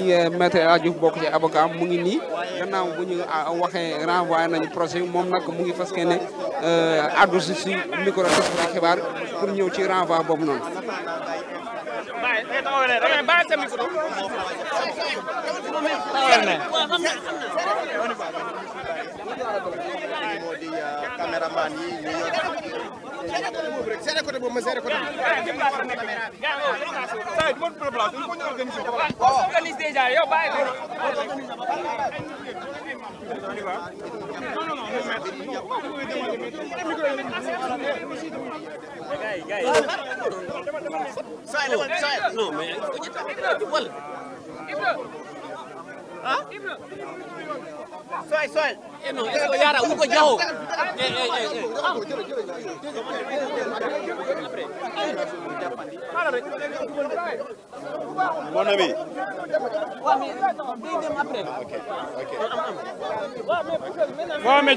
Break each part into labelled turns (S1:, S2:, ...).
S1: Euh, Maître El Hadj Diouf bokk ci avocat mu ngi nii gannaaw bu ñu euh, waxee renvoyé nañu procès moom nag mu ngi fas ne euh, addu si si micro taskati xibaar pour ñëw ci renvoi boobu noonu. seere côté boobu ma seere côté boobu. organise déjà yow bàyyi ko. non mais. ah soyez soyez eh non yara wugo jawo eh eh eh mon ami waaw mais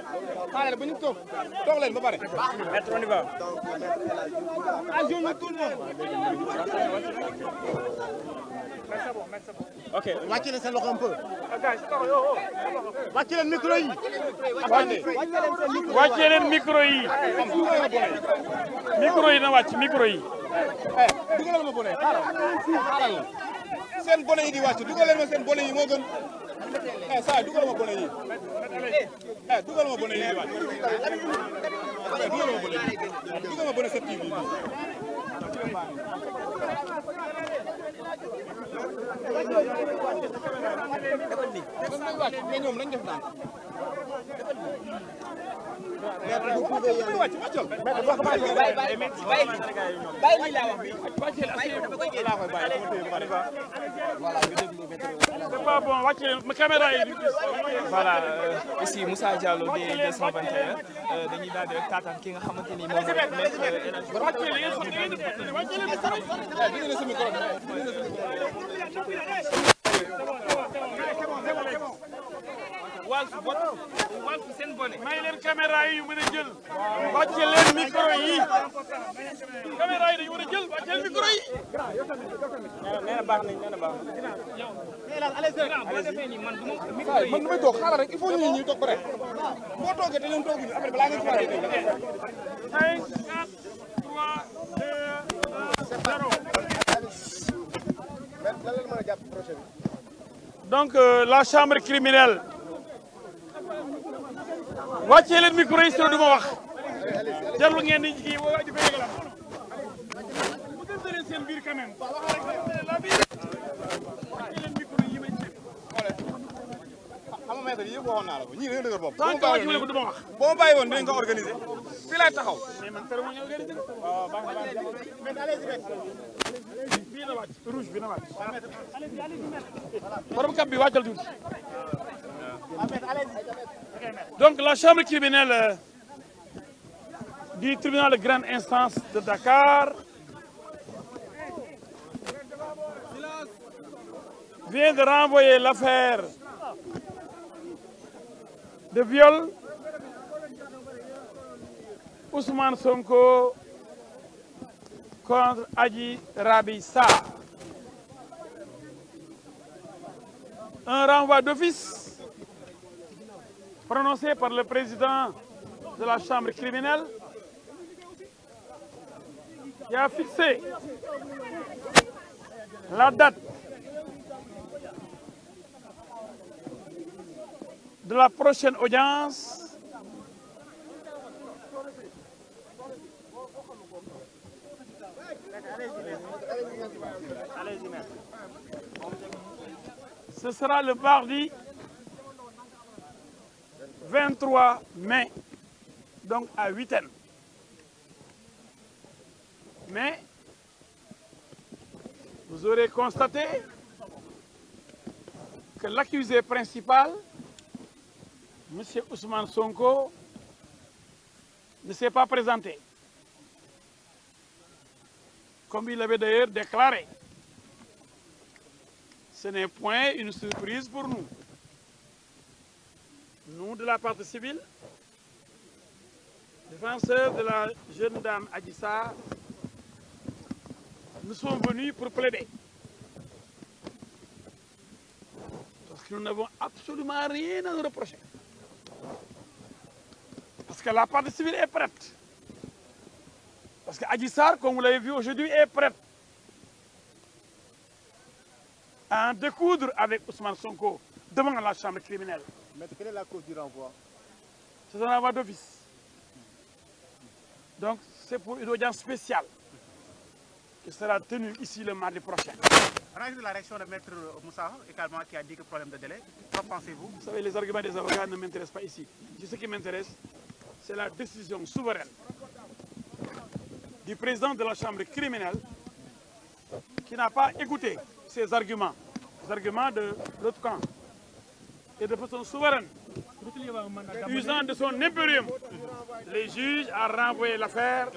S1: xaaral bu ñu toog toog leen ba pare. maître on y va. Ah, ok wàcc leen seen loxo un peu. wàcc leen micro yi. wàcc leen micro yi. micro yi na wàcc micro yi. Eh, dugalal ma bonnet xaaral xaaral seen bonnet yi di wàcc dugalal ma seen bonnet yi moo eh saa dugal ma bone a eh dugal ma bone yi waay dugal ma bone yi dugal ma bone sa TV bi mais ñoom nañ def naan bàyyi lii laa wax bi waaw bon wàcc ma caméra yi voilà euh, ici Moussa Diallo di 221 euh, dañuy daal di rek taataan ki nga xamante ni moom nekk walsu bot walsu seen bone may leen caméra yi yu mën a jël wàcce leen micro yi caméra yi dañu mën a jël wàcce leen micro yi nee na baax nañ nee na baax yow elal allez boo defee nii man du micro yi man du may toog xaaral rek il faut ñu ñu toog ba rek boo toogee te leen tooguñu après balaa ngeen ci cinq quatre trois deux zéro Donc euh, la chambre criminelle wàccee leen micro yi du ma wax jarul ngeen di kii waa ji béykat la a biir quand même. ko ñii du ma wax. boo ma bàyyi woon dinañ ko organiser. fii laay taxaw. mais man tere moo ñu organiser. bi na wàcc. borom kap Donc la chambre criminelle euh, du tribunal de grande instance de Dakar vient de renvoyer l'affaire de viol Ousmane Sonko contre Adi Rabissa. Un renvoi d'office prononcé par le président de la Chambre criminelle qui a fixé la date de la prochaine audience ce sera le mardi 23 mai, donc à 8 h Mais, vous aurez constaté que l'accusé principal, M. Ousmane Sonko, ne s'est pas présenté. Comme il avait d'ailleurs déclaré, ce n'est point une surprise pour nous. Nous, de la partie civile, défenseurs de la jeune dame Adissa, nous sommes venus pour plaider. Parce que nous n'avons absolument rien à nous reprocher. Parce que la partie civile est prête. Parce que Adissar, comme vous l'avez vu aujourd'hui, est prête à en découdre avec Ousmane Sonko devant la chambre criminelle. Mais quelle est la cause du renvoi C'est un renvoi d'office. Donc, c'est pour une audience spéciale qui sera tenue ici le mardi prochain. On de la réaction de Maître Moussa également qui a dit que problème de délai. Qu'en pensez-vous Vous savez, les arguments des avocats ne m'intéressent pas ici. Ce qui m'intéresse, c'est la décision souveraine du président de la Chambre criminelle qui n'a pas écouté ces arguments, les arguments de l'autre camp et de façon souveraine, usant de son imperium, les juges a renvoyé l'affaire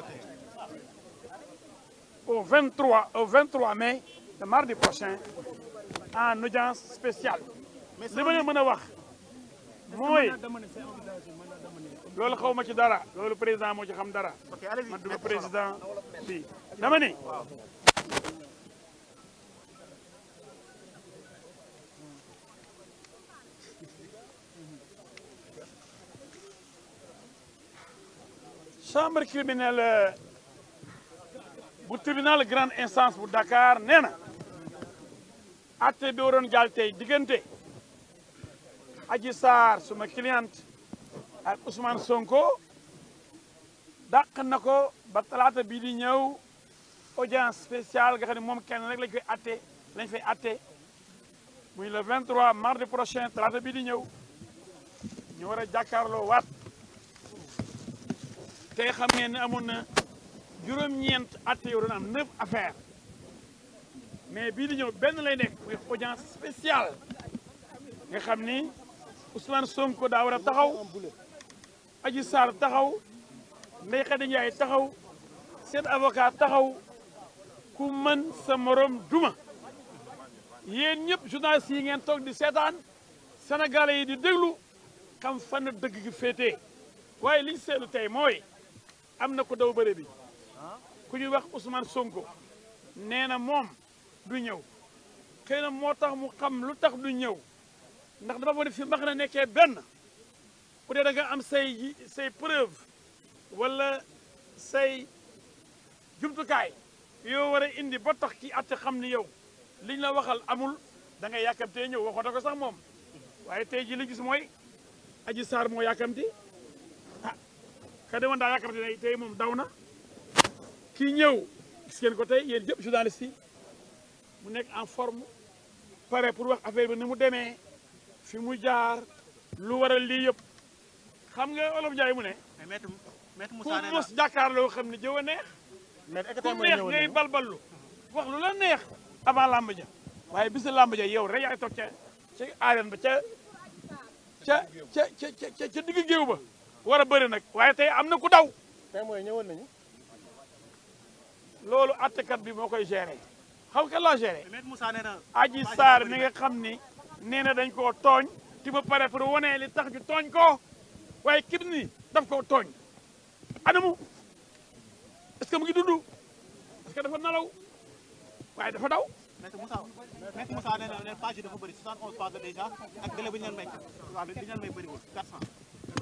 S1: au 23, au 23 mai, le mardi prochain, en audience spéciale. li ma leen mën a wax mooy loolu xaw ma ci dara loolu président moo ci xam dara man du ma président dama ni chambre criminelle euh, bu tribunal grande instance pour Dakar nee na bi woron jàll tey diggante Adji Sarr suma cliente ak Ousmane Sonko dak nako ba talata bi di ñëw audience spéciale nga xam mom kenn rek lañ koy atté lañ fay atté muy le 23 mars prochain talata bi di ñëw ñu wara jakarlo jàkkaarloo tey xam ngeen amoon na juróom-ñeent atte yoo doon am neuf mais bii di ñëw benn lay nekk muy audience spéciale nga xam ni Ousmane Sonko daa war a taxaw Adji Sarr taxaw Ndeye Khady taxaw seen avocat taxaw ku mën sa morom duma yéen ñëpp journalistes yi ngeen toog di seetaan sénégalais yi di déglu xam fan dëgg gi féetee waaye liñ seetlu tey mooy am na ko daw bëre bi ku ñuy wax Ousmane Sonko nee na moom du ñëw xëy na moo tax mu xam lu tax du ñëw ndax dafa bëri fi mbax na nekkee benn ku dee da nga am say say preuve wala say jumtukaay yow war indi ba tax ki att xam ni yow liñ la waxal amul dangay nga yàkkamtee ñëw waxoon ko sax moom waaye tey ji li gis mooy aji saar moo yàkkamti kadi wonda yakkarde nayi tawi moom dawna kii ñëw gis ngeen ko tey yéen jëpp journaliste mu nekk en forme pare pour wax affaire ba ni mu demee fi mu jaar lu waral lii yëpp xam nga olof Njaay mu ne ku mos jàkkaarloo xam ne jëw a neex ku neex ngay balballu wax lu la neex avant làmb waaye bisa làmb ja yow rek yaay toog ca ca arène ba ca ca ca ca ca digg géew ba wara a nak waye tay amna ku daw. tay moy ñëwoon nañu. loolu attekat bi mo koy géré xaw ka la géré. met moussa néna aji sar mi nga xamni néna dañ ko togn ci ba paré pour woné li tax ju togn ko waye kibni daf ko togn anamu est-ce que mu ngi dundu est-ce que dafa nalaw waye dafa daw. met Moussa met Moussa néna né page dafa bari 71 page déjà ak délai bu ñu leen may waaw li ñu leen may bëriwul 400.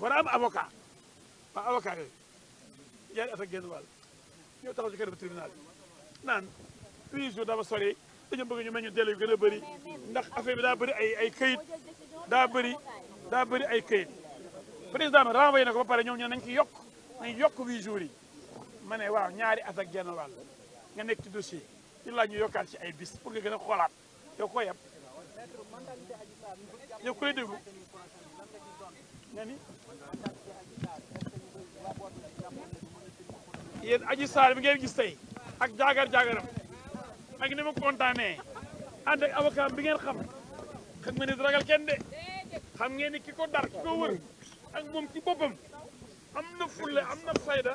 S1: war é a am avocat waa avocat yooyu ñaari at ak genn wàll ñoo taxaw ci kanamu tribunal bi naan huit jours dafa sori dañu bëgg ñu mel ñu délai yu gën a bëri ndax affaire bi daa bëri ay ay këyit daa bëri daa bëri ay këyit président bi renvoyé na ko ba pare ñoom ñu nañ ci yokk nañ yokk huit jours yi ma ah, ne waaw ñaari at ak genn é wàll nga nekk ci dossier di laaj ñu yokkaat ci ay bis pour nga gën a xoolaat yow koo yab yow koy nga ni aj aji bi ngeen gis tey ak jaagar jaagaram ak ni ma kontaanee ànd ak avocat bi ngeen xam xam nga ni ragal kenn de xam ngeen ni ki ko dar ki ko wër ak moom ci boppam am na fulle am na fayda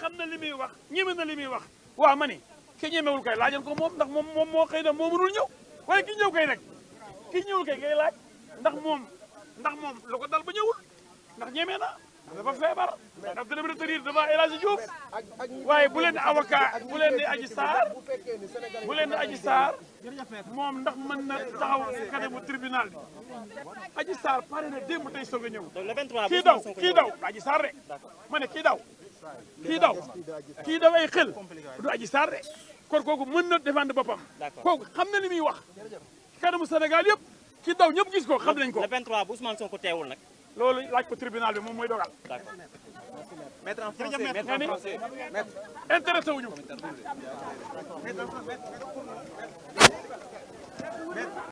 S1: xam na li wax ñeme na li muy wax waaw ma ni ki ñemewul kay laajal ko moom ndax moom moom moo xëy na moo mënul ñëw waaye ki ñëw kay nag ki ñëwul kay ngay laaj ndax moom ndax moom lu ko dal ba ñëwul ndax ñeme na dafa feebar daf dana retenir devant El Hadji Diouf waaye bu leen di avocat bu leen di Adji Sarr bu leen di Adji Sarr moom ndax mën na taxaw kanamu tribunal bi Adji Sarr pare na démb tey soog a ñëw kii daw kii daw du Adji Sarr rek ma ne kii daw kii daw kii daw ay xel du Adji Sarr kon kooku mën na défendre boppam kooku xam na li muy wax kanamu Sénégal yëpp ki daw ñëpp gis ko xam nañ ko. le 23 bu Ousmane Sonko loolu laaj ko tribunal bi moom mooy dogal. d'accord maître en français maître en français maître. intéressé